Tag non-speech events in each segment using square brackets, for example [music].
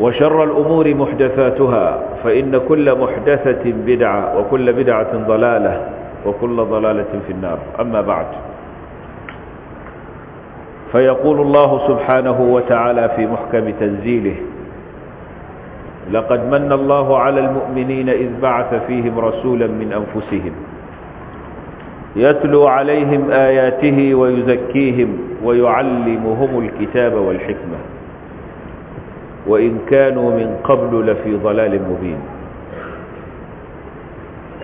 وشر الأمور محدثاتها فإن كل محدثة بدعة وكل بدعة ضلالة وكل ضلالة في النار أما بعد فيقول الله سبحانه وتعالى في محكم تنزيله لقد من الله على المؤمنين إذ بعث فيهم رسولا من أنفسهم يتلو عليهم آياته ويزكيهم ويعلمهم الكتاب والحكمة وإن كانوا من قبل لفي ضلال مبين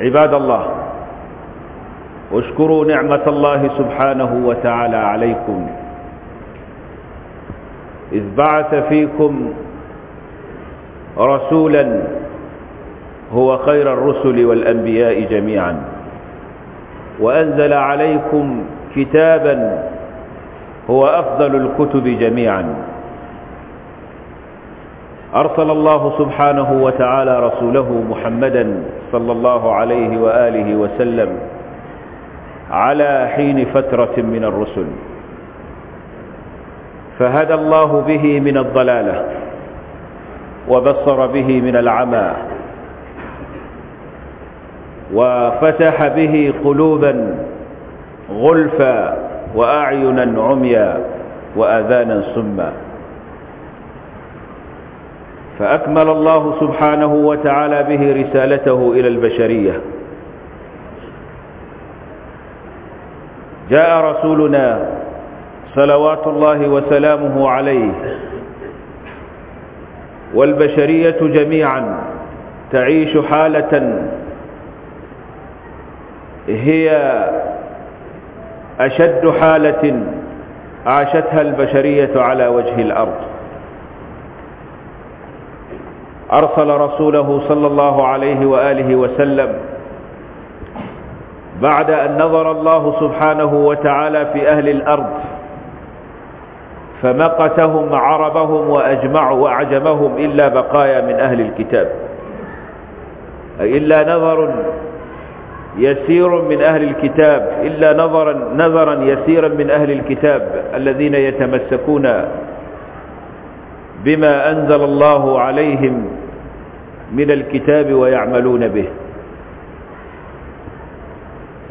عباد الله اشكروا نعمة الله سبحانه وتعالى عليكم إذ بعث فيكم رسولا هو خير الرسل والأنبياء جميعا وأنزل عليكم كتابا هو أفضل الكتب جميعا أرسل الله سبحانه وتعالى رسوله محمدا صلى الله عليه وآله وسلم على حين فترة من الرسل فهدى الله به من الضلالة وبصر به من العمى وفتح به قلوبا غلفا وأعينا عميا وأذانا سمّا فأكمل الله سبحانه وتعالى به رسالته إلى البشرية جاء رسولنا صلوات الله وسلامه عليه والبشرية جميعا تعيش حالة هي أشد حالة عاشتها البشرية على وجه الأرض أرسل رسوله صلى الله عليه وآله وسلم بعد أن نظر الله سبحانه وتعالى في أهل الأرض فمقتهم عربهم وأجمعوا وأعجمهم إلا بقايا من أهل الكتاب إلا نظر يسير من أهل الكتاب إلا نظرا, نظرا يسيرا من أهل الكتاب الذين يتمسكون بما أنزل الله عليهم من الكتاب ويعملون به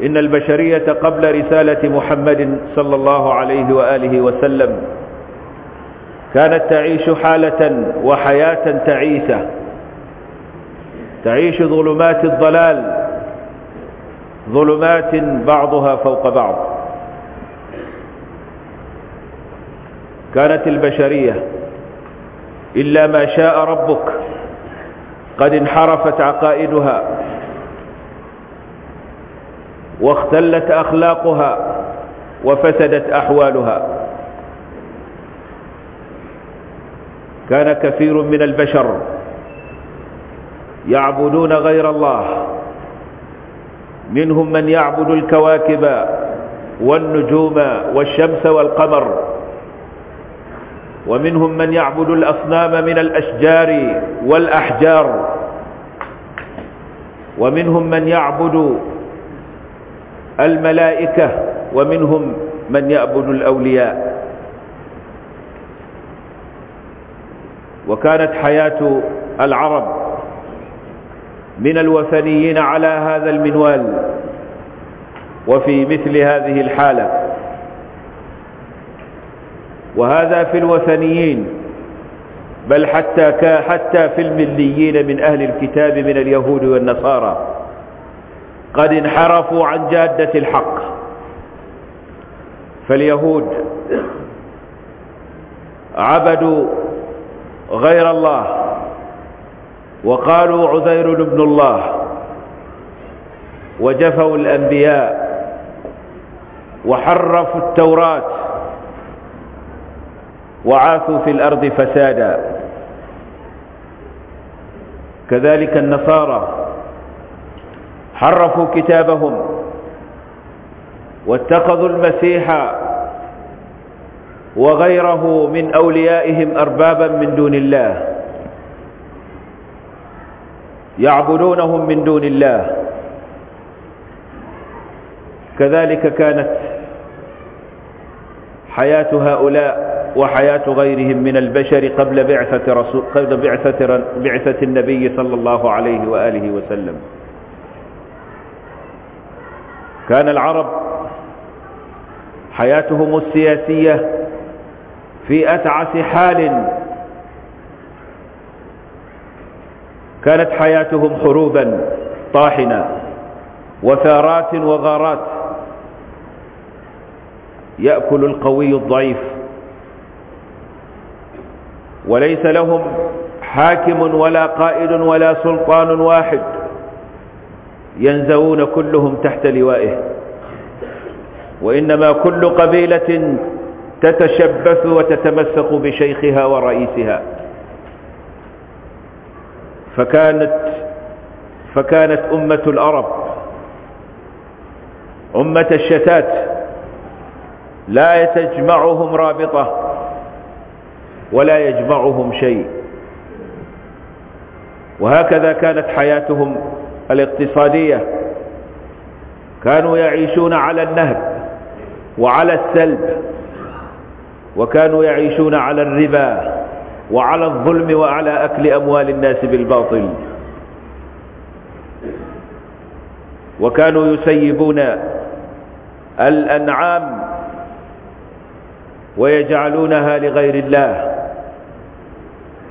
إن البشرية قبل رسالة محمد صلى الله عليه وآله وسلم كانت تعيش حالة وحياة تعيسة تعيش ظلمات الضلال ظلمات بعضها فوق بعض كانت البشرية إلا ما شاء ربك قد انحرفت عقائدها واختلت أخلاقها وفسدت أحوالها كان كثير من البشر يعبدون غير الله منهم من يعبد الكواكب والنجوم والشمس والقمر ومنهم من يعبد الأصنام من الأشجار والأحجار ومنهم من يعبد الملائكة ومنهم من يعبد الأولياء وكانت حياة العرب من الوثنيين على هذا المنوال وفي مثل هذه الحالة وهذا في الوثنيين بل حتى حتى في المليين من أهل الكتاب من اليهود والنصارى قد انحرفوا عن جادة الحق فاليهود عبدوا غير الله وقالوا عزير ابن الله وجفوا الأنبياء وحرفوا التوراة وعاثوا في الأرض فسادا كذلك النصارى حرفوا كتابهم واتخذوا المسيح وغيره من أوليائهم أربابا من دون الله يعبدونهم من دون الله كذلك كانت حياة هؤلاء وحياة غيرهم من البشر قبل بعثة, رسول قبل بعثة, بعثة النبي صلى الله عليه وآله وسلم كان العرب حياتهم السياسية في أتعس حال كانت حياتهم حروبا طاحنة وثارات وغارات يأكل القوي الضعيف وليس لهم حاكم ولا قائد ولا سلطان واحد ينزوون كلهم تحت لوائه وإنما كل قبيلة تتشبث وتتمسك بشيخها ورئيسها فكانت فكانت أمة الأرب أمة الشتات لا تجمعهم رابطة ولا يجمعهم شيء وهكذا كانت حياتهم الاقتصادية كانوا يعيشون على النهب وعلى السلب وكانوا يعيشون على الربا وعلى الظلم وعلى أكل أموال الناس بالباطل وكانوا يسيبون الأنعام ويجعلونها لغير الله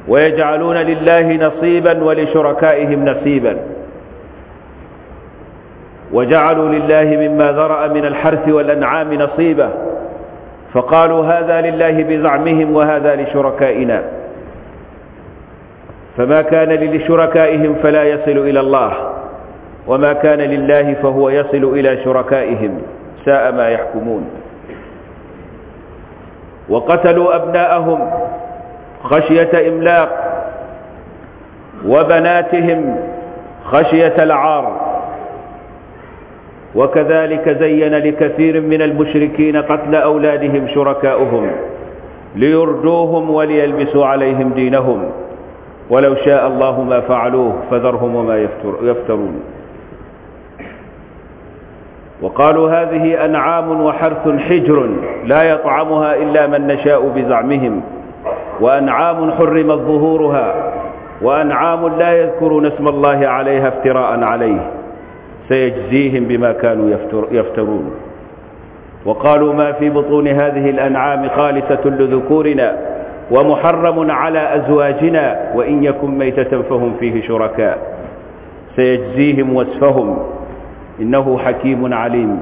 ويجعلون لله نصيبا ولشركائهم نصيبا وجعلوا لله مما ذرأ من الحرث والأنعام نصيبا فقالوا هذا لله بزعمهم وهذا لشركائنا فما كان لشركائهم فلا يصل إلى الله وما كان لله فهو يصل إلى شركائهم ساء ما يحكمون وقتلوا أبناءهم خشية إملاق وبناتهم خشية العار وكذلك زين لكثير من المشركين قتل أولادهم شركاؤهم ليردوهم وليلبسوا عليهم دينهم ولو شاء الله ما فعلوه فذرهم وما يفترون وقالوا هذه أنعام وحرث حجر لا يطعمها إلا من نشاء بزعمهم وأنعام حرمت ظهورها وأنعام لا يذكرون اسم الله عليها افتراء عليه سيجزيهم بما كانوا يفتر يفترون وقالوا ما في بطون هذه الأنعام خالصة لذكورنا ومحرم على أزواجنا وإن يكن ميتة فهم فيه شركاء سيجزيهم وسفهم إنه حكيم عليم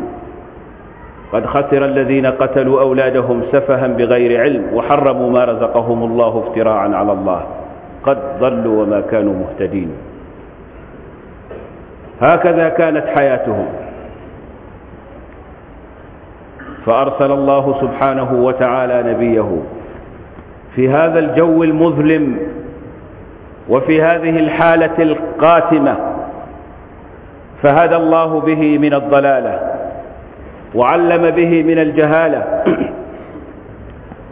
قد خسر الذين قتلوا أولادهم سفها بغير علم وحرموا ما رزقهم الله افتراعا على الله قد ضلوا وما كانوا مهتدين هكذا كانت حياتهم فأرسل الله سبحانه وتعالى نبيه في هذا الجو المظلم وفي هذه الحالة القاتمة فهدى الله به من الضلاله وعلم به من الجهالة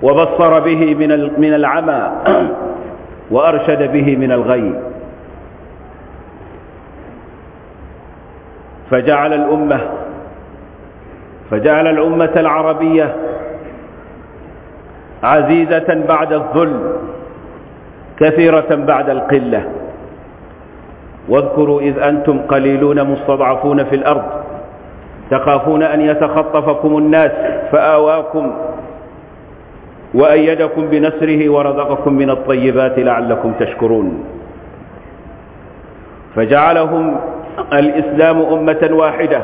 وبصر به من من العمى وأرشد به من الغي فجعل الأمة فجعل الأمة العربية عزيزة بعد الذل كثيرة بعد القلة واذكروا إذ أنتم قليلون مستضعفون في الأرض تخافون أن يتخطفكم الناس فآواكم وأيدكم بنصره ورزقكم من الطيبات لعلكم تشكرون فجعلهم الإسلام أمة واحدة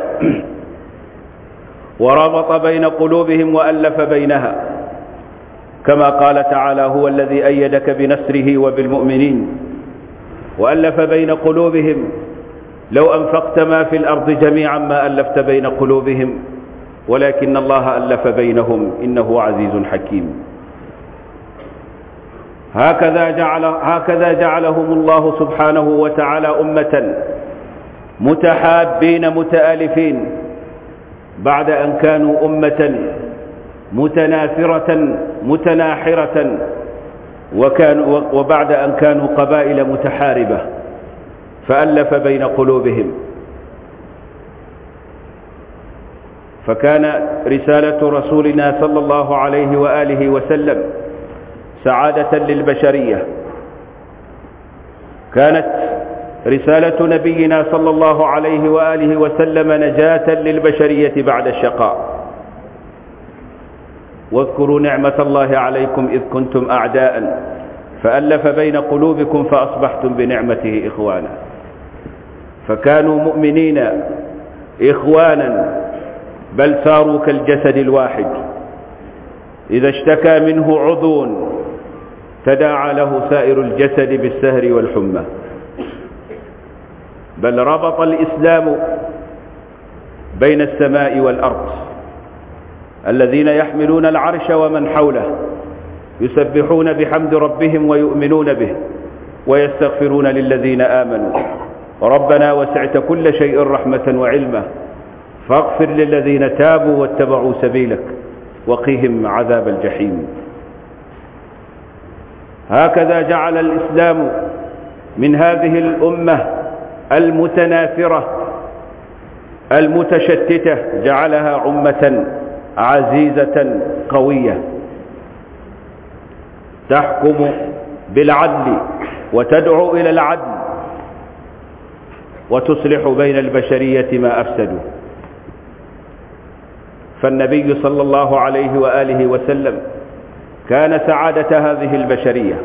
[clears throat] وربط بين قلوبهم وألف بينها كما قال تعالى هو الذي أيدك بنصره وبالمؤمنين وألف بين قلوبهم لو أنفقت ما في الأرض جميعا ما ألفت بين قلوبهم ولكن الله ألف بينهم إنه عزيز حكيم هكذا, جعل هكذا جعلهم الله سبحانه وتعالى أمة متحابين متآلفين بعد أن كانوا أمة متناثرة متناحرة وكانوا وبعد أن كانوا قبائل متحاربة فألف بين قلوبهم فكان رسالة رسولنا صلى الله عليه وآله وسلم سعادة للبشرية كانت رسالة نبينا صلى الله عليه وآله وسلم نجاة للبشرية بعد الشقاء واذكروا نعمة الله عليكم إذ كنتم أعداء فألف بين قلوبكم فأصبحتم بنعمته إخوانا فكانوا مؤمنين إخوانا بل صاروا كالجسد الواحد إذا اشتكى منه عضو تداعى له سائر الجسد بالسهر والحمى بل ربط الإسلام بين السماء والأرض الذين يحملون العرش ومن حوله يسبحون بحمد ربهم ويؤمنون به ويستغفرون للذين آمنوا ربنا وسعت كل شيء رحمة وعلما فاغفر للذين تابوا واتبعوا سبيلك وقهم عذاب الجحيم هكذا جعل الإسلام من هذه الأمة المتنافرة المتشتتة جعلها عمة عزيزة قوية تحكم بالعدل وتدعو إلى العدل وتصلح بين البشرية ما أفسدوا فالنبي صلى الله عليه وآله وسلم كان سعادة هذه البشرية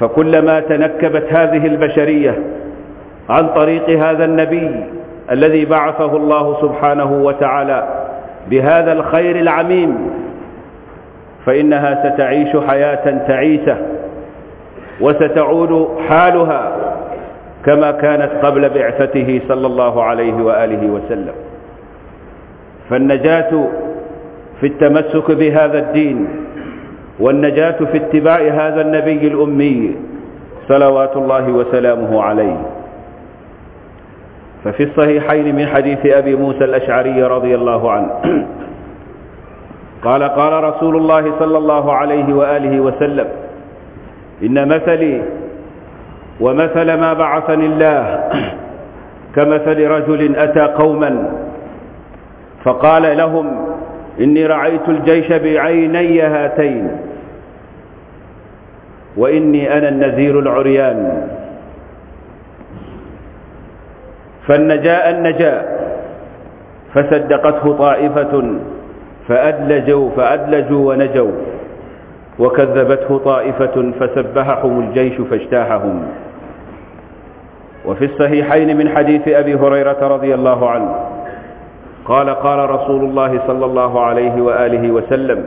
فكلما تنكبت هذه البشرية عن طريق هذا النبي الذي بعثه الله سبحانه وتعالى بهذا الخير العميم فإنها ستعيش حياة تعيسة وستعود حالها كما كانت قبل بعثته صلى الله عليه وآله وسلم فالنجاة في التمسك بهذا الدين والنجاة في اتباع هذا النبي الأمي صلوات الله وسلامه عليه ففي الصحيحين من حديث أبي موسى الأشعري رضي الله عنه قال قال رسول الله صلى الله عليه وآله وسلم إن مثلي ومثل ما بعثني الله [clears throat] كمثل رجل أتى قوما فقال لهم إني رعيت الجيش بعيني هاتين وإني أنا النذير العريان فالنجاء النجاء فصدقته طائفة فأدلجوا فأدلجوا ونجوا وكذبته طائفة فسبحهم الجيش فاجتاحهم وفي الصحيحين من حديث أبي هريرة رضي الله عنه قال قال رسول الله صلى الله عليه وآله وسلم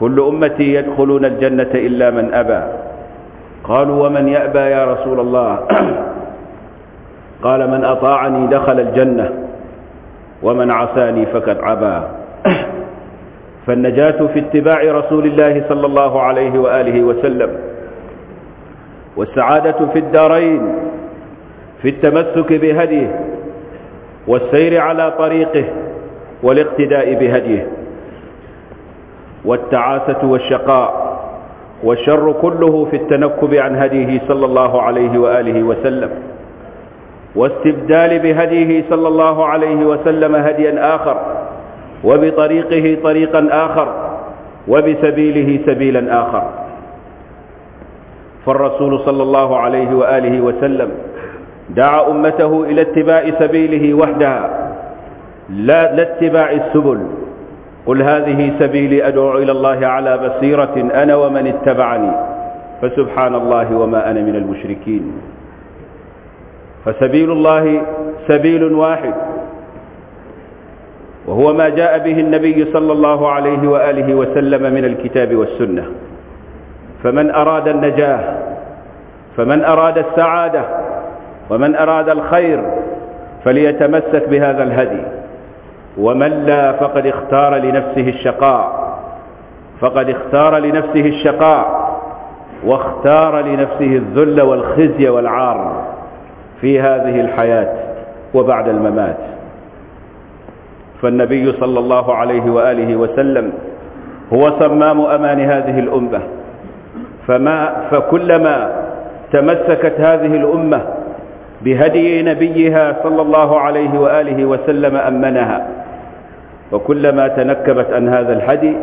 كل أمتي يدخلون الجنة إلا من أبى قالوا ومن يأبى يا رسول الله قال من أطاعني دخل الجنة ومن عساني فقد عبى فالنجاة في اتباع رسول الله صلى الله عليه وآله وسلم والسعادة في الدارين في التمسك بهديه والسير على طريقه والاقتداء بهديه والتعاسة والشقاء والشر كله في التنكب عن هديه صلى الله عليه وآله وسلم واستبدال بهديه صلى الله عليه وسلم هديا آخر وبطريقه طريقا آخر وبسبيله سبيلا آخر فالرسول صلى الله عليه وآله وسلم دعا أمته إلى اتباع سبيله وحدها لا لاتباع السبل قل هذه سبيلي أدعو إلى الله على بصيرة أنا ومن اتبعني فسبحان الله وما أنا من المشركين فسبيل الله سبيل واحد وهو ما جاء به النبي صلى الله عليه وآله وسلم من الكتاب والسنة فمن أراد النجاة فمن أراد السعادة ومن أراد الخير فليتمسك بهذا الهدي ومن لا فقد اختار لنفسه الشقاء فقد اختار لنفسه الشقاء واختار لنفسه الذل والخزي والعار في هذه الحياة وبعد الممات فالنبي صلى الله عليه وآله وسلم هو صمام أمان هذه الأمة فما فكلما تمسكت هذه الأمة بهدي نبيها صلى الله عليه وآله وسلم أمنها وكلما تنكبت عن هذا الهدي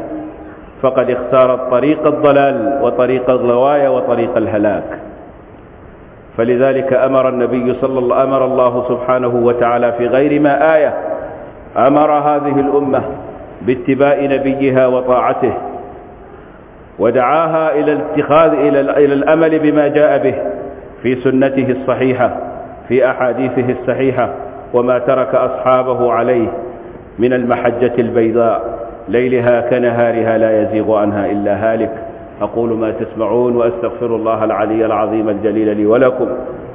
فقد اختارت طريق الضلال وطريق الغواية وطريق الهلاك فلذلك أمر النبي صلى الله أمر الله سبحانه وتعالى في غير ما آية أمر هذه الأمة باتباع نبيها وطاعته ودعاها إلى الاتخاذ إلى, إلى الأمل بما جاء به في سنته الصحيحة في أحاديثه الصحيحة وما ترك أصحابه عليه من المحجة البيضاء ليلها كنهارها لا يزيغ عنها إلا هالك أقول ما تسمعون وأستغفر الله العلي العظيم الجليل لي ولكم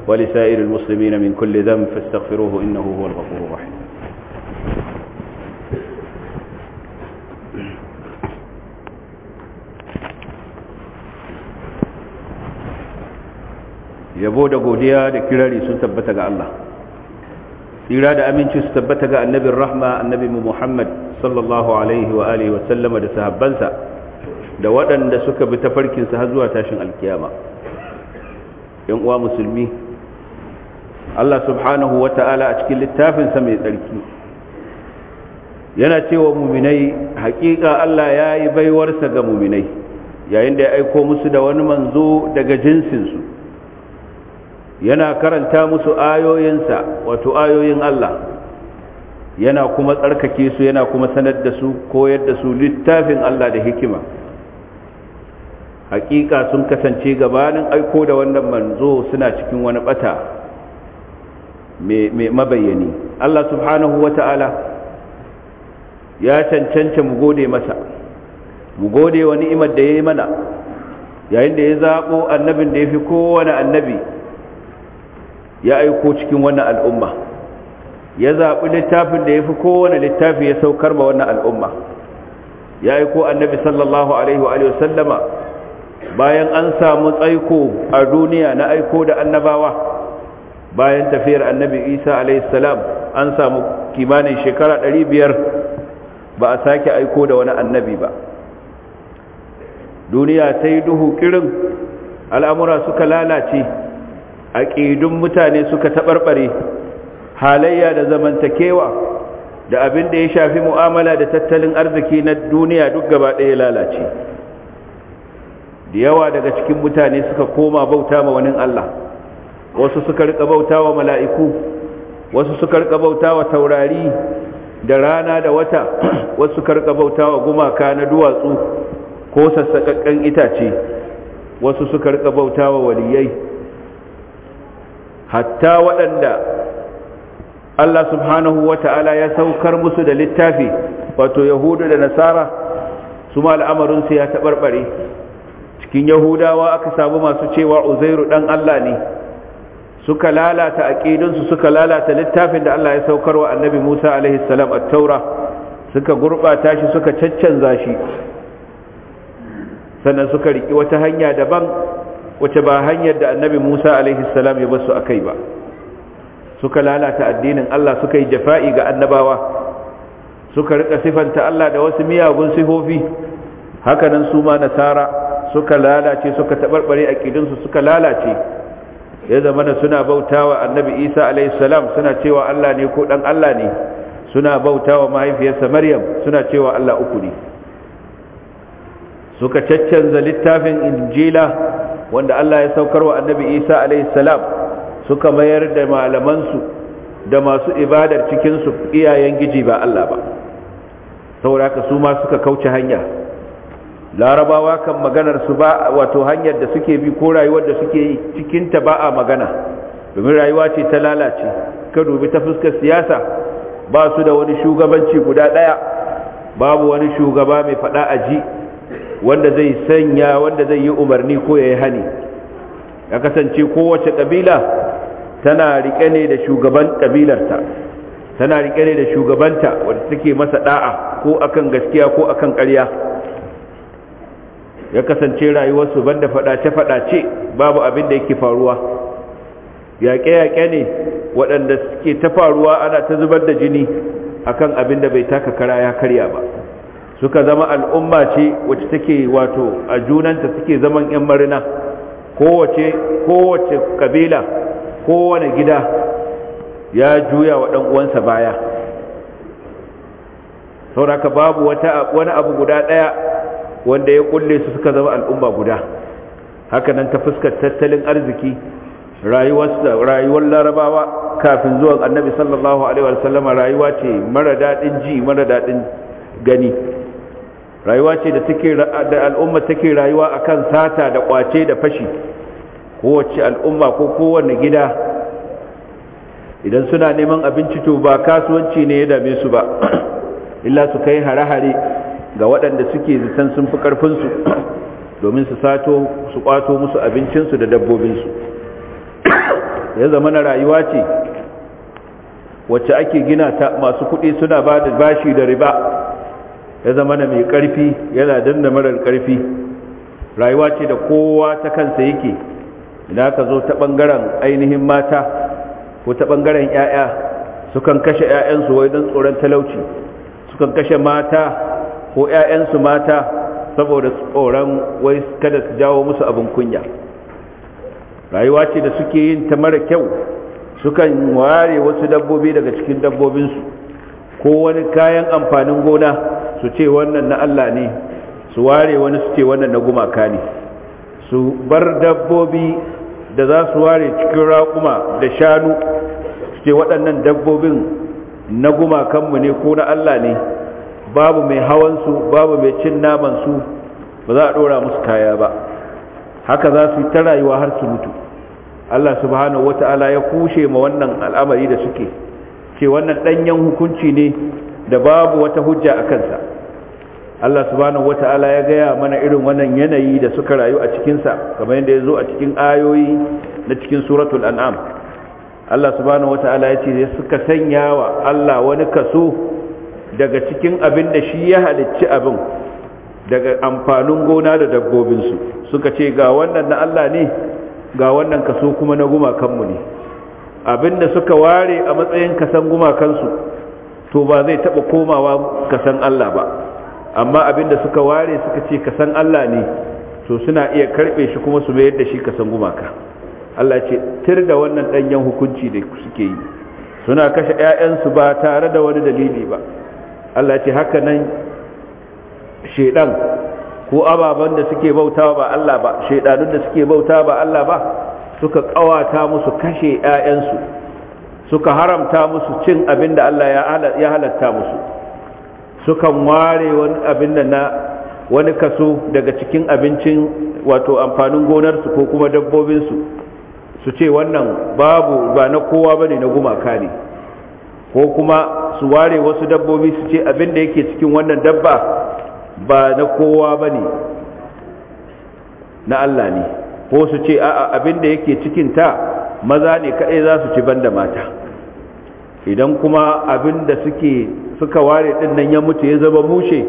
ولسائر المسلمين من كل ذنب فاستغفروه إنه هو الغفور الرحيم yabo da godiya da kirari sun tabbata ga Allah tsira da aminci su tabbata ga annabin rahma annabi muhammad sallallahu alaihi wa alihi wasallama da sahabbansa da waɗanda suka bi tafarkinsa har zuwa tashin alkiyama yan uwa musulmi Allah subhanahu wa ta'ala a cikin littafinsa mai tsarki yana cewa muminai haƙiƙa Allah ya yi baiwarsa ga muminai yayin da ya aiko musu da wani manzo daga jinsinsu yana karanta musu ayoyinsa wato ayoyin Allah yana kuma tsarkake su yana kuma sanar da su koyar da su littafin Allah da hikima hakika sun kasance gabanin aiko da wannan manzo suna cikin wani bata mai mabayyani Allah subhanahu wa ta'ala ya cancanta mu gode masa mu gode wa ni'imar da ya yi mana yayin da ya zaɓo annabin da ya fi kowane annabi ya aiko cikin wannan al'umma ya zaɓi littafin da ya fi kowane littafi ya saukar ma wannan al'umma ya aiko annabi sallallahu alaihi wa sallama bayan an samu tsaiko a duniya na aiko da annabawa bayan tafiyar annabi isa alaihi salam an samu kimanin shekara 500 ba a sake aiko da wani annabi ba duniya ta yi duhu kirin al'amura suka lalace aƙidun mutane suka taɓarɓare halayya da zamantakewa da abin da ya shafi mu'amala da tattalin arziki na duniya duk gaba ɗaya lalace da yawa daga cikin mutane suka koma bauta ma wani Allah wasu suka rika bauta wa mala'iku wasu suka rika bauta wa taurari da rana da wata [clears throat] wasu suka rika bauta wa gumaka na duwatsu ko sassaƙaƙƙen itace wasu suka rika bauta wa waliyai hatta waɗanda Allah subhanahu wa ta'ala ya saukar musu da littafi wato yahudu da nasara su al'amarinsu ya taɓarɓare cikin yahudawa aka samu masu cewa uzairu ɗan Allah ne suka lalata aƙidinsu suka lalata littafin da Allah ya saukar wa annabi Musa alaihi salam a taura suka gurɓata shi suka caccanza shi sannan suka riƙi wata hanya daban wace ba hanyar da annabi Musa alaihi salam ya basu kai ba suka lalata addinin Allah suka yi jafa'i ga annabawa suka rika sifanta Allah da wasu miyagun sifofi hakanan su ma nasara suka lalace suka tabarbare aqidinsu suka lalace ya zama na suna bautawa annabi Isa alayhi salam suna cewa Allah ne ko ɗan Allah ne suna bautawa mahaifiyarsa Maryam suna cewa Allah uku ne suka caccanza littafin injila wanda Allah ya saukar wa annabi Isa alaihi salam suka mayar da malamansu da masu ibadar cikin iyayen giji ba Allah ba saboda haka su ma suka kauce hanya larabawa kan maganar su ba wato hanyar da suke bi ko rayuwar da suke cikin ta ba a magana domin rayuwa ce ta lalace ka dubi ta fuskar siyasa ba su da wani shugabanci guda daya babu wani shugaba mai fada ji. wanda zai sanya wanda zai yi umarni ko ya yi hani ya kasance kowace ƙabila tana riƙe ne da shugaban ƙabilarta tana riƙe ne da shugabanta wanda take masa ɗa'a ko akan gaskiya ko akan ƙarya ya kasance rayuwarsu banda faɗace-faɗace babu abin da yake faruwa yaƙe-yaƙe ne waɗanda suke ta faruwa ana ta zubar da jini akan abin da bai taka kara ya karya ba suka zama al'umma ce wacce take wato a junanta suke zaman 'yan marina kowace kowace kabila kowane gida ya juya wa ɗan uwansa baya sauraka babu wata wani abu guda ɗaya wanda ya kulle su suka zama al'umma guda Hakanan ta fuskar tattalin arziki rayuwar larabawa kafin zuwan annabi sallallahu alaihi wasallama rayuwa ce mara daɗin ji mara daɗin gani rayuwa ce da al'umma take rayuwa a kan sata da kwace da fashi kowace al'umma ko kowanne gida idan suna neman abinci to ba kasuwanci ne ya dame su ba [clears throat] illa su kai hare-hare ga waɗanda suke zitan sun fi ƙarfinsu [clears throat] domin su sato su kwato musu abincinsu da dabbobinsu [clears throat] ya zama na rayuwa ce wacce ake gina ta masu kuɗi suna ba da bashi da riba ya zama na mai karfi yana danna marar karfi rayuwa ce da kowa ta kansa yake idan ka zo ta bangaren ainihin mata ko ta bangaren 'ya'ya sukan kashe 'ya'yansu wai don tsoron talauci sukan kashe mata ko 'ya'yansu mata saboda tsoron wai kada su jawo musu abin kunya rayuwa ce da suke yin ta mara kyau sukan ware wasu dabbobi daga cikin dabbobinsu ko wani kayan amfanin gona su ce wannan na Allah ne su ware wani su ce wannan na gumaka ne su bar dabbobi da za su ware cikin raƙuma da shanu su ce waɗannan dabbobin na gumakanmu ne ko na Allah ne babu mai hawansu babu mai cin namansu ba za a ɗora musu kaya ba haka za su yi ta rayuwa har su mutu Allah subhanahu wata'ala ya kushe ma wannan al'amari da suke ce wannan ɗanyen hukunci ne da babu wata hujja a kansa Allah subhanahu wata'ala ya gaya mana irin wannan yanayi da suka rayu a cikinsa kamar yadda ya zo a cikin ayoyi na cikin suratul an'am Allah subhanahu wata'ala ya ce suka sanya wa Allah wani kaso daga cikin abin da shi ya halicci abin daga amfanin gona da dabbobinsu suka ce ga wannan na Allah ne ga wannan kaso kuma na gumakanmu ne Abin da suka ware a matsayin kasan gumakansu to ba zai taba komawa ka san Allah ba amma abin da suka ware suka ce ka san Allah ne to suna iya karbe shi kuma su mayar da shi ka san gumaka Allah ce tir da wannan danyen hukunci da suke yi suna kashe ƴaƴansu ba tare da wani dalili ba Allah ce haka nan shedan ko ababen da suke bauta ba Allah ba shedanun da suke bauta ba Allah ba suka kawata musu kashe ƴaƴansu suka haramta musu cin abin da Allah ya halatta musu sukan ware wani abin da na wani kaso daga cikin abincin wato amfanin gonarsu ko kuma dabbobinsu su ce wannan babu ba na kowa bane na gumaka ne ko kuma su ware wasu dabbobi su ce abin da yake cikin wannan dabba ba na kowa bane na Allah ne ko su ce a'a abin da yake cikin ta maza ne kaɗai za su ci banda mata idan kuma abin da suke suka ware din nan ya mutu ya zama mushe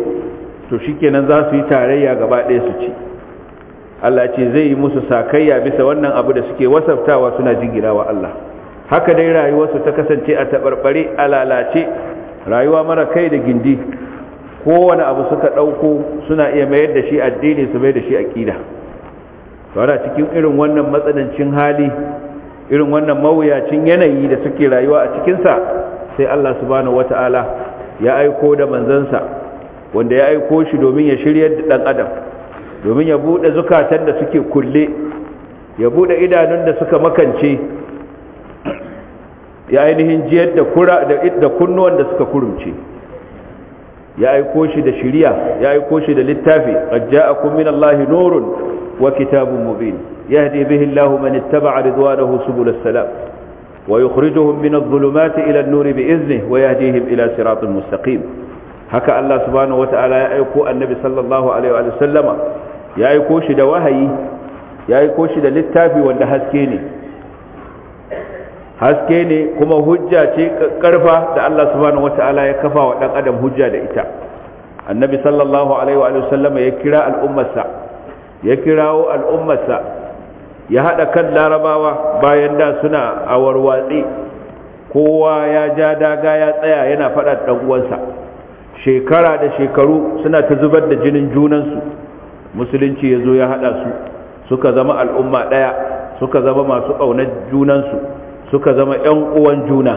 to shikenan za su yi tarayya gaba ɗaya su ci Allah ce zai yi musu sakayya bisa wannan abu da suke wasaftawa suna wa Allah haka dai rayuwarsu ta kasance a taɓarɓare a lalace rayuwa mara kai da gindi kowane abu suka ɗauko suna iya mayar da shi addini su mai da shi aƙida to cikin irin wannan matsanancin hali irin wannan mawuyacin yanayi da suke rayuwa a cikinsa sai Allah subhanahu wata'ala ya aiko da manzansa wanda ya aiko shi domin ya shiryar da dan adam domin ya bude zukatan da suke kulle ya bude idanun da suka makance ya ainihin jiyar da kura da kunnuwan da suka kurumce ya aiko shi da shiriya ya aiko shi da littafi qad ja'akum min allahi nurun wa kitabun mubin yahdi bihi allahu man ittaba'a ridwanahu subul salam ويخرجهم من الظلمات إلى النور بإذنه ويهديهم إلى صراط مستقيم هكا الله سبحانه وتعالى يأيكو النبي صلى الله عليه وآله وسلم يأيكو شد وهي يأيكو شد للتافي والنهسكيني haske ne kuma hujja ce karfa da Allah subhanahu wata'ala ya kafa wa dan adam hujja da ita annabi sallallahu alaihi wa sallama ya kira al'ummarsa ya kirawo al'ummarsa ya hada kan larabawa bayan da suna a warwatsi kowa ya ja daga ya tsaya yana fada dan uwansa shekara da shekaru suna ta zubar da jinin junansu musulunci ya zo ya hada su suka zama al'umma daya suka zama masu ƙaunar junansu suka zama 'yan uwan juna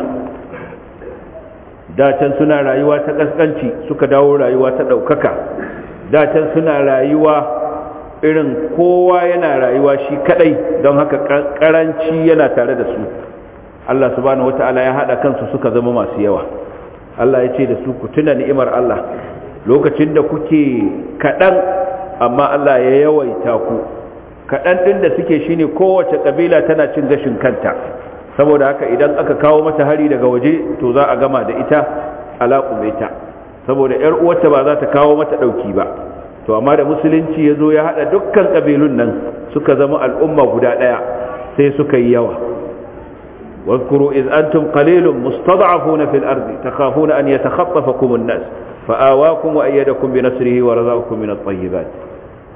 datan suna rayuwa ta kaskanci suka dawo rayuwa ta ɗaukaka datan suna rayuwa irin kowa yana rayuwa shi kadai don haka karanci yana tare da su Allah subhanahu wata'ala ya haɗa kansu suka zama masu yawa Allah ya ce da su ku tuna ni'imar Allah lokacin da kuke kaɗan, amma Allah ya yawaita ku Kaɗan ɗin da suke shine kowace ƙabila tana cin gashin kanta saboda haka idan aka kawo mata hari daga waje to za a gama da ita alaƙume ta saboda yar uwarta ba za ta kawo mata ɗauki ba to amma da musulunci ya zo ya haɗa dukkan ƙabilun nan suka zama al'umma guda ɗaya sai suka yi yawa واذكروا إذ أنتم قليل مستضعفون في الأرض تخافون أن يتخطفكم الناس فآواكم وأيدكم بنصره ورزقكم من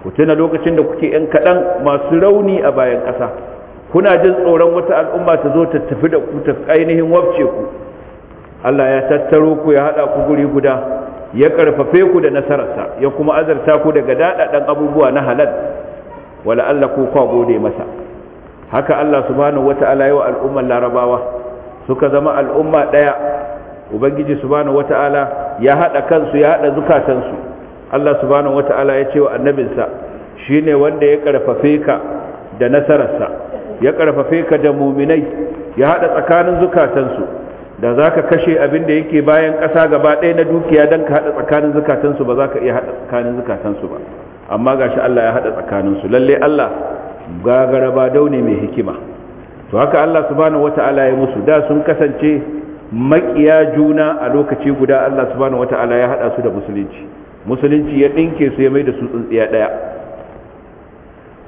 Ku tuna lokacin da kuke ‘yan kaɗan masu rauni a bayan ƙasa kuna jin tsoron wata al'umma ta zo ta tafi da ku ta ainihin wabce ku Allah ya tattaro ku ya hada ku guri guda ya karfafe ku da nasararsa ya kuma azarta ku daga dadadan abubuwa na halal wala Allah ku kwa gode masa haka Allah subhanahu wata'ala yawa al'ummar larabawa suka zama al'umma daya ubangiji subhanahu wata'ala ya hada kansu ya hada zukatansu Allah subhanahu wata'ala ya ce wa annabinsa shine wanda ya karfafe ka da nasararsa ya karfafe ka da muminai ya haɗa tsakanin zukatansu da za ka kashe abin da yake bayan ƙasa gaba ɗaya na dukiya don ka haɗa tsakanin zukatansu ba za ka iya haɗa tsakanin zukatansu ba amma ga gashi Allah ya haɗa tsakaninsu lalle Allah gagara ba daune mai hikima to haka Allah subhanahu wata'ala ya musu da sun kasance makiya juna a lokaci guda Allah subhanahu wata'ala ya haɗa su da musulunci musulunci ya ɗinke su ya mai da su tsintsiya ɗaya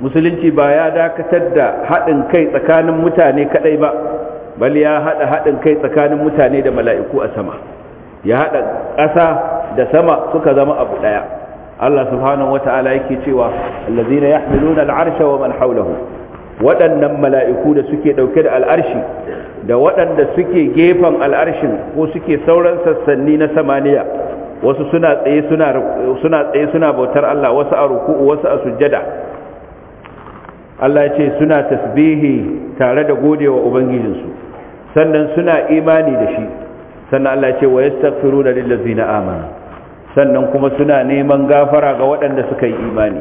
musulunci ba ya dakatar da haɗin kai tsakanin mutane kaɗai ba bal ya haɗa haɗin kai tsakanin mutane da mala'iku a sama ya haɗa ƙasa da sama suka zama abu ɗaya Allah subhanahu wata'ala yake cewa allazina yahmiluna al'arsha wa man hawlahu waɗannan mala'iku da suke ɗauke da al'arshi da waɗanda suke gefen al'arshin ko suke sauran sassanni na samaniya wasu suna tsaye suna bautar Allah wasu a ruku'u wasu a sujjada Allah ya ce suna tasbihi tare da godewa ubangijinsu sannan suna imani da shi sannan Allah ya ce wa yastaghfiruna lillazina amana sannan kuma suna neman gafara ga waɗanda suka yi imani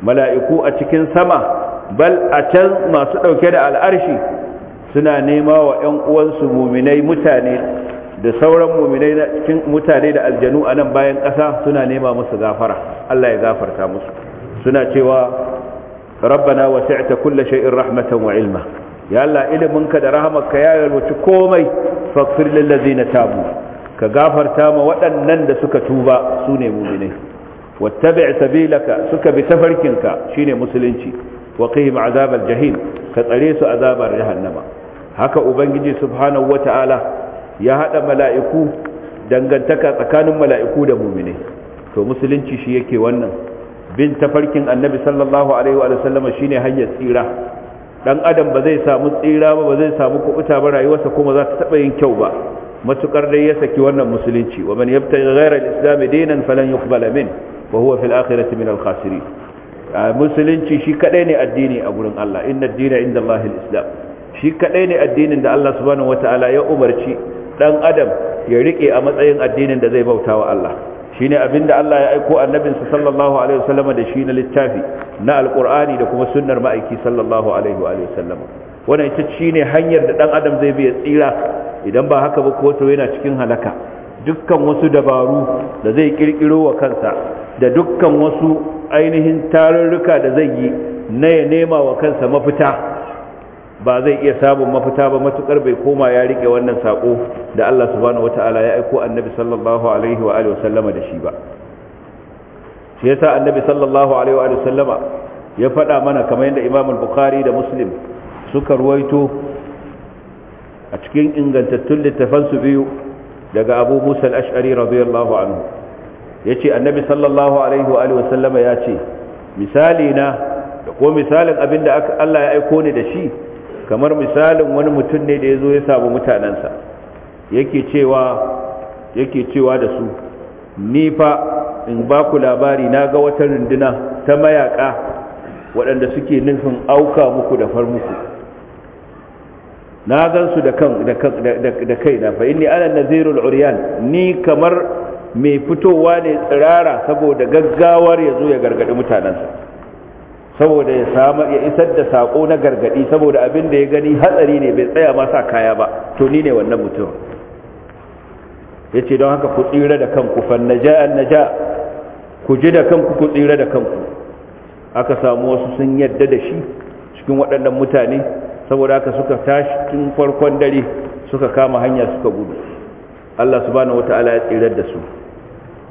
mala'iku a cikin sama bal a can masu ɗauke da al'arshi suna nema wa ‘yan uwansu muminai mutane da sauran muminai na cikin mutane da aljanu a nan bayan ƙasa suna nema musu gafara Allah ya gafarta musu suna cewa rabbana wasi'ta kulla shay'in rahmatan wa ilma ya Allah iliminka da rahamarka ya yalwaci komai faghfir lil ladzina tabu ka gafarta ma waɗannan da suka tuba sune mu'minai wattabi' sabilaka suka bi tafarkinka shine musulunci wa qihim azabal jahim ka tsare su azabar jahannama haka ubangiji subhanahu wata'ala ya hada mala'iku dangantaka tsakanin mala'iku da mu'minai to musulunci shi yake wannan bin tafarkin annabi sallallahu alaihi wa sallama shine hanyar tsira dan adam ba zai samu tsira ba ba zai samu kubuta ba rayuwarsa kuma za ta taba yin kyau ba matukar dai ya saki wannan musulunci wa man yabtaghi ghayra al-islam dinan falan yuqbala min wa huwa fil akhirati min al-khasirin musulunci shi kadai ne addini a gurin Allah inna ad-dina inda Allah al-islam shi kadai ne addinin da Allah subhanahu wataala ya umarci dan adam ya rike a matsayin addinin da zai bautawa Allah shine da Allah ya aiko annabinsa sallallahu alaihi wasallam da shi na littafi na Alkur'ani da kuma sunnar ma'aiki sallallahu alaihi wa alihi wannan ita shine hanyar da dan adam zai bi ya tsira idan ba haka ba ko to yana cikin halaka dukkan wasu dabaru da zai kirkiro wa kansa da dukkan wasu ainihin tarurruka da zai yi na ya nema wa kansa mafita ba zai iya samun mafita ba matukar bai koma ya rike wannan sako da Allah subhanahu wataala ya aiko annabi sallallahu alaihi wa alihi da shi ba shi yasa annabi sallallahu alaihi wa alihi ya faɗa mana kamar yadda Imam bukhari da Muslim suka ruwaito a cikin ingantattun littafansu biyu daga Abu Musa al-Ash'ari radiyallahu anhu yace annabi sallallahu alaihi wa alihi yace misali na da ko misalin abinda Allah ya aiko ni da shi kamar misalin wani mutum ne da ya zo ya samu mutanensa yake cewa yake cewa da su ni fa in ba ku labari na ga wata runduna ta mayaka waɗanda suke nufin auka muku da far muku na gan su da kan da kai na fa inni ana nazirul uryan ni kamar mai fitowa ne tsirara saboda gaggawar ya zo ya gargaɗi mutanensa saboda ya samu isar da sako na gargadi saboda abin da ya gani hatsari ne bai tsaya masa kaya ba to ni ne wannan mutum yace don haka ku tsira da kanku fa naja naja ku ji da kanku ku tsira da kanku aka samu wasu sun yadda da shi cikin waɗannan mutane saboda haka suka tashi tun farkon dare suka kama hanya suka gudu Allah subhanahu wataala ya tsirar da su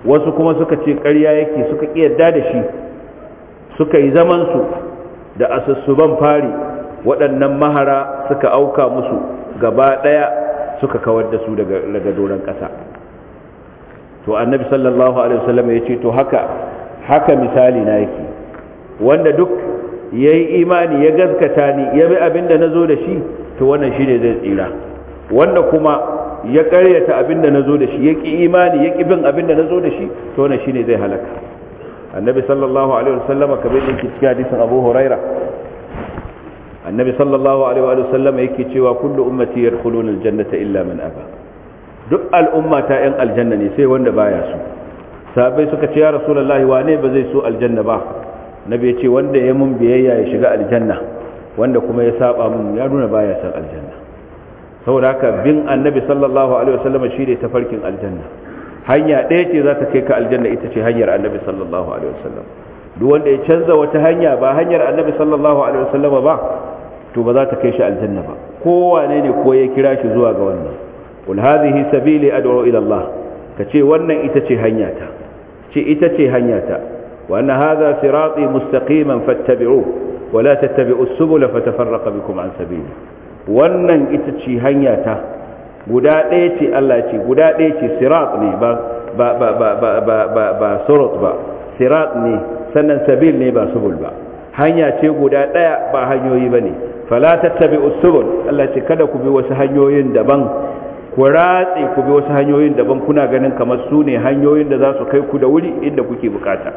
wasu kuma suka ce ƙarya yake suka ƙi yadda da shi suka yi zamansu da asusuban fari waɗannan mahara suka auka musu gaba ɗaya suka kawar da su daga doron ƙasa to annabi sallallahu alaihi wasallam ya ce to haka haka misali na yake wanda duk ya yi imani ya gaskata ni ya bi abin da na zo da shi to wannan shi ne zai tsira wanda kuma ya ƙaryata abin da na zo da shi ya ƙi imani ya ƙi bin abin da na zo da shi to wannan shi ne zai halaka annabi sallallahu alaihi wasallam kamar yadda yake cikin hadisin abu huraira annabi sallallahu alaihi wasallam yake cewa kullu ummati yadkhuluna aljannata illa man aba duk al'umma ta yan aljanna ne sai wanda baya so sahabbai suka ce ya rasulullahi wane ba zai so aljanna ba nabi ya ce wanda ya mun biyayya ya shiga aljanna wanda kuma ya saba mun ya nuna baya san aljanna saboda haka bin annabi sallallahu alaihi wasallam shine tafarkin aljanna hanya ɗaya ce za ta kai ka aljanna ita ce hanyar annabi sallallahu alaihi wasallam duk wanda ya canza wata hanya ba hanyar annabi sallallahu alaihi wasallam ba to ba za ta kai shi aljanna ba Kowa ne ko ya kira shi zuwa ga wannan qul hadhihi sabili ad'u ila Allah kace wannan ita ce hanyata ce ita ce hanyata wa anna hadha sirati mustaqiman fattabi'u wa la tattabi'us subula fatafarraqa bikum an sabili wannan ita ce hanyata guda ɗaya ce Allah ce guda ɗaya ce sirat ne ba ba ba ba ba ba ba ba surat ba sirat ne sannan sabil ne ba subul ba hanya ce guda ɗaya ba hanyoyi bane fala tattabi'u subul Allah ce kada ku bi wasu hanyoyin daban ku ratse ku bi wasu hanyoyin daban kuna ganin kamar su ne hanyoyin da za su kai ku da wuri inda kuke bukata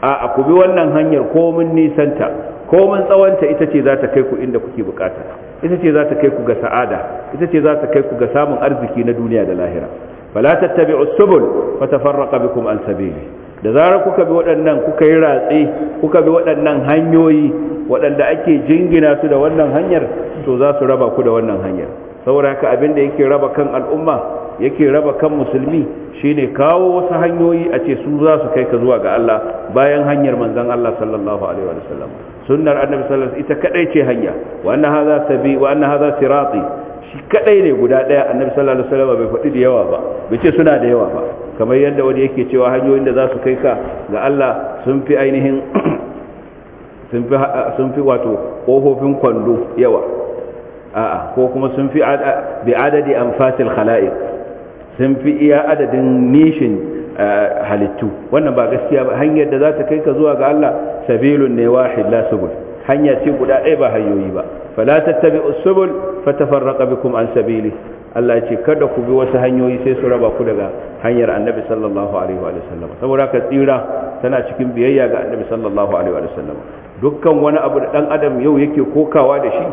a ku bi wannan hanyar komin nisanta komin tsawonta ita ce za ta kai ku inda kuke bukata ita ce za ta kai ku ga sa'ada ita ce za ta kai ku ga samun arziki na duniya da lahira fala tattabi'u subul fatafarraqa bikum an sabili da zarar kuka bi waɗannan kuka yi ratsi kuka bi waɗannan hanyoyi waɗanda ake jingina su da wannan hanyar to za su raba ku da wannan hanyar saboda haka abin da yake raba kan al'umma yake raba kan musulmi shine kawo wasu hanyoyi a ce su za su kai ka zuwa ga Allah bayan hanyar manzon Allah sallallahu alaihi wa sallam sunnar annabi sallallahu alaihi ita kadai ce hanya wa anna hadha sabi wa anna hadha sirati shi kadai ne guda daya annabi sallallahu alaihi wasallam bai faɗi da yawa ba bai ce suna da yawa ba kamar yadda wani yake cewa hanyoyin da za su kai ka ga Allah sun fi ainihin [coughs] sun fi wato kofofin kwando yawa a'a ko kuma sun fi bi adadi anfasil khala'iq sun fi iya adadin nishin eh, halittu wannan ba gaskiya ba hanyar da za ta kai ka zuwa ga Allah sabilun ne wahid la subul hanya ce guda ɗaya ba hanyoyi ba fala tattabi'us subul fatafarraqa bikum an sabili Allah ya ce kada ku bi wasu hanyoyi sai su raba ku daga hanyar annabi sallallahu alaihi wa sallam saboda ka tsira tana cikin biyayya ga annabi sallallahu alaihi wa sallam dukkan wani abu da dan adam yau yake kokawa da shi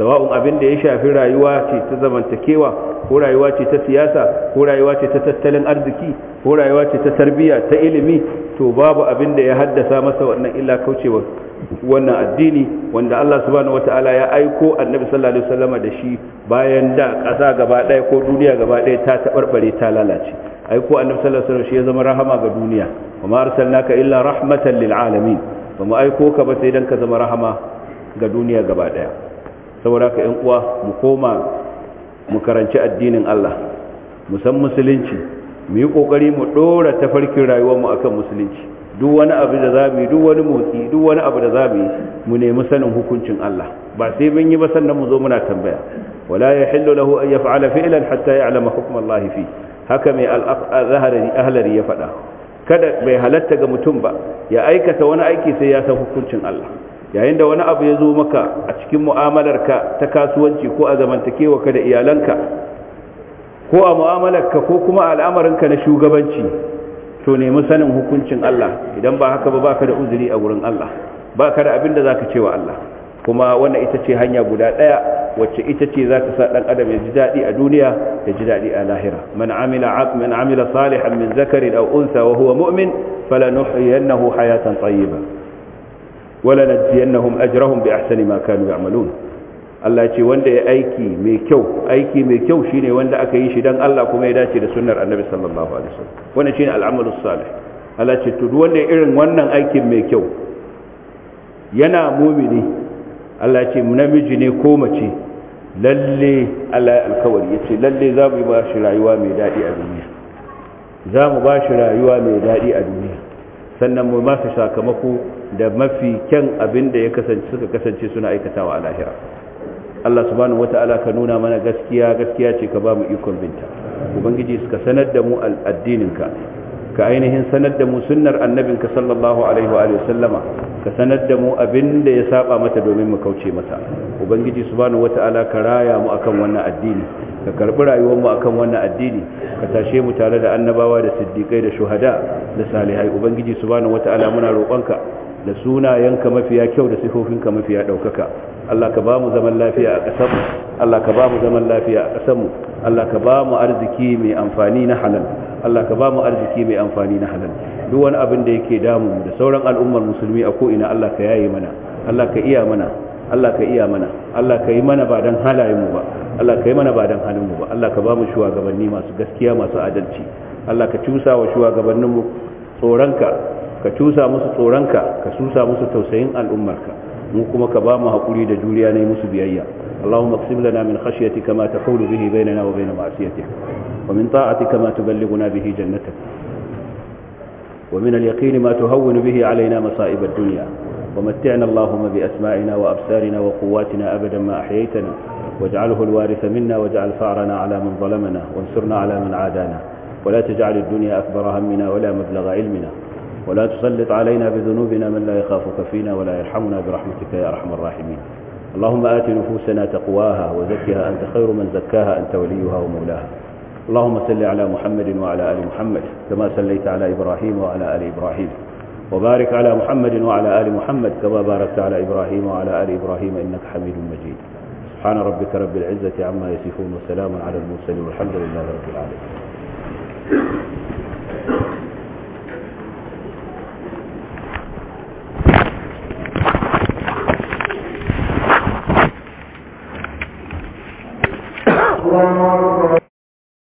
sawa'un abin da ya shafi rayuwa ce ta zamantakewa ko rayuwa ce ta siyasa ko rayuwa ce ta tattalin arziki ko rayuwa ce ta tarbiyya ta ilimi to babu abin da ya haddasa masa wannan illa kaucewa wannan addini wanda Allah subhanahu wataala ya aiko annabi sallallahu alaihi wasallama da shi bayan da ƙasa gaba ɗaya ko duniya gaba ɗaya ta tabarbare ta lalace aiko annabi sallallahu alaihi wasallam shi ya zama rahama ga duniya wa ma arsalnaka illa rahmatan lil alamin ba aiko ka ba sai dan ka zama rahama ga duniya gaba ɗaya saboda ka yan uwa mu koma mu karanci addinin Allah mu san musulunci mu yi ƙoƙari mu ɗora tafarkin rayuwarmu akan musulunci duk wani abu da za mu duk wani motsi duk wani abu da za mu mu nemi sanin hukuncin Allah ba sai mun yi ba sannan mu zo muna tambaya wala yahillu lahu an yaf'ala fi'lan hatta ya'lama hukm Allah fi haka mai al-ahlari ahlari ya faɗa kada bai halatta ga mutum ba ya aikata wani aiki sai ya san hukuncin Allah yayin da wani abu ya zo maka a cikin mu'amalarka ta kasuwanci ko a zamantakewarka da iyalanka ko a mu'amalarka ko kuma a al'amarinka na shugabanci to nemi sanin hukuncin Allah idan ba haka ba baka da uzuri a wurin Allah baka da abin da zaka ce wa Allah kuma wannan ita ce hanya guda daya wacce ita ce za ta sa dan adam ya ji dadi a duniya ya ji dadi a lahira man amila man amila salihan min zakarin aw unsa wa huwa mu'min falanuhyiyannahu hayatan tayyibah wala najziyannahum ajrahum bi ahsani ma kanu ya'malun Allah ce wanda ya aiki mai kyau aiki mai kyau shine wanda aka yi shi dan Allah kuma ya dace da sunnar Annabi sallallahu alaihi wasallam wannan shine al'amalus salih Allah ce to duk wanda irin wannan aikin mai kyau yana mumini Allah ce namiji ne ko mace lalle Allah ya alkawari yace lalle za mu ba shi rayuwa mai dadi a duniya za mu ba shi rayuwa mai dadi a duniya sannan mu ba su sakamako da mafi kyan abin da ya kasance suka kasance suna aikatawa a lahira Allah subhanahu wata'ala ka nuna mana gaskiya gaskiya ce ka ba mu ikon binta ubangiji suka sanar da mu al'addininka ka ainihin sanar da mu sunnar annabinka sallallahu alaihi wa sallama ka sanar da mu abin da ya saba mata domin mu kauce mata ubangiji subhanahu wataala ka raya mu akan wannan addini ka karbi rayuwar mu akan wannan addini ka tashe mu tare da annabawa da siddiqai da shuhada da salihai ubangiji subhanahu wataala muna roƙonka da sunayenka mafiya kyau da sifofinka mafiya ɗaukaka Allah ka ba mu zaman lafiya a ƙasarmu Allah ka ba mu zaman lafiya a ƙasarmu Allah ka ba mu arziki mai amfani na halal Allah ka ba mu arziki mai amfani na halal duk wani abin da yake damu da sauran al'ummar musulmi a ko'ina Allah ka yaye mana Allah ka iya mana Allah ka iya mana Allah ka yi mana ba dan halayenmu ba Allah ka yi mana ba dan halinmu ba Allah ka ba mu shugabanni masu gaskiya masu adalci Allah ka cusa wa shugabanninmu tsoronka ka cusa musu tsoronka ka cusa musu tausayin al'ummarka mu kuma ka ba mu haƙuri da juriya ne musu biyayya اللهم اقسم لنا من خشيتك ما تحول به بيننا وبين معصيتك ومن طاعتك ما تبلغنا به جنتك ومن اليقين ما تهون به علينا مصائب الدنيا ومتعنا اللهم بأسماعنا وأبصارنا وقواتنا أبدا ما أحييتنا واجعله الوارث منا واجعل فعرنا على من ظلمنا وانصرنا على من عادانا ولا تجعل الدنيا أكبر همنا ولا مبلغ علمنا ولا تسلط علينا بذنوبنا من لا يخافك فينا ولا يرحمنا برحمتك يا أرحم الراحمين اللهم آت نفوسنا تقواها وزكها أنت خير من زكاها أنت وليها ومولاها اللهم صل على محمد وعلى آل محمد كما صليت على إبراهيم وعلى آل إبراهيم وبارك على محمد وعلى آل محمد كما باركت على إبراهيم وعلى آل إبراهيم إنك حميد مجيد سبحان ربك رب العزة عما يصفون وسلام على المرسلين والحمد لله رب العالمين